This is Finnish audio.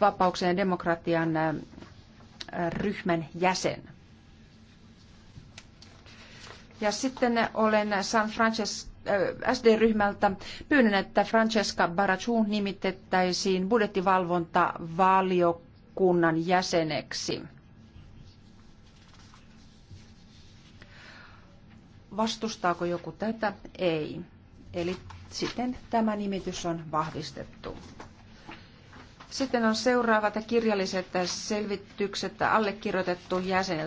vapauksien ja demokratian ryhmän jäsen. Ja sitten olen San Francisco SD-ryhmältä pyynnön, että Francesca Baracun nimitettäisiin budjettivalvontavaliokunnan jäseneksi. Vastustaako joku tätä? Ei. Eli sitten tämä nimitys on vahvistettu. Sitten on seuraavat kirjalliset selvitykset allekirjoitettu jäsen.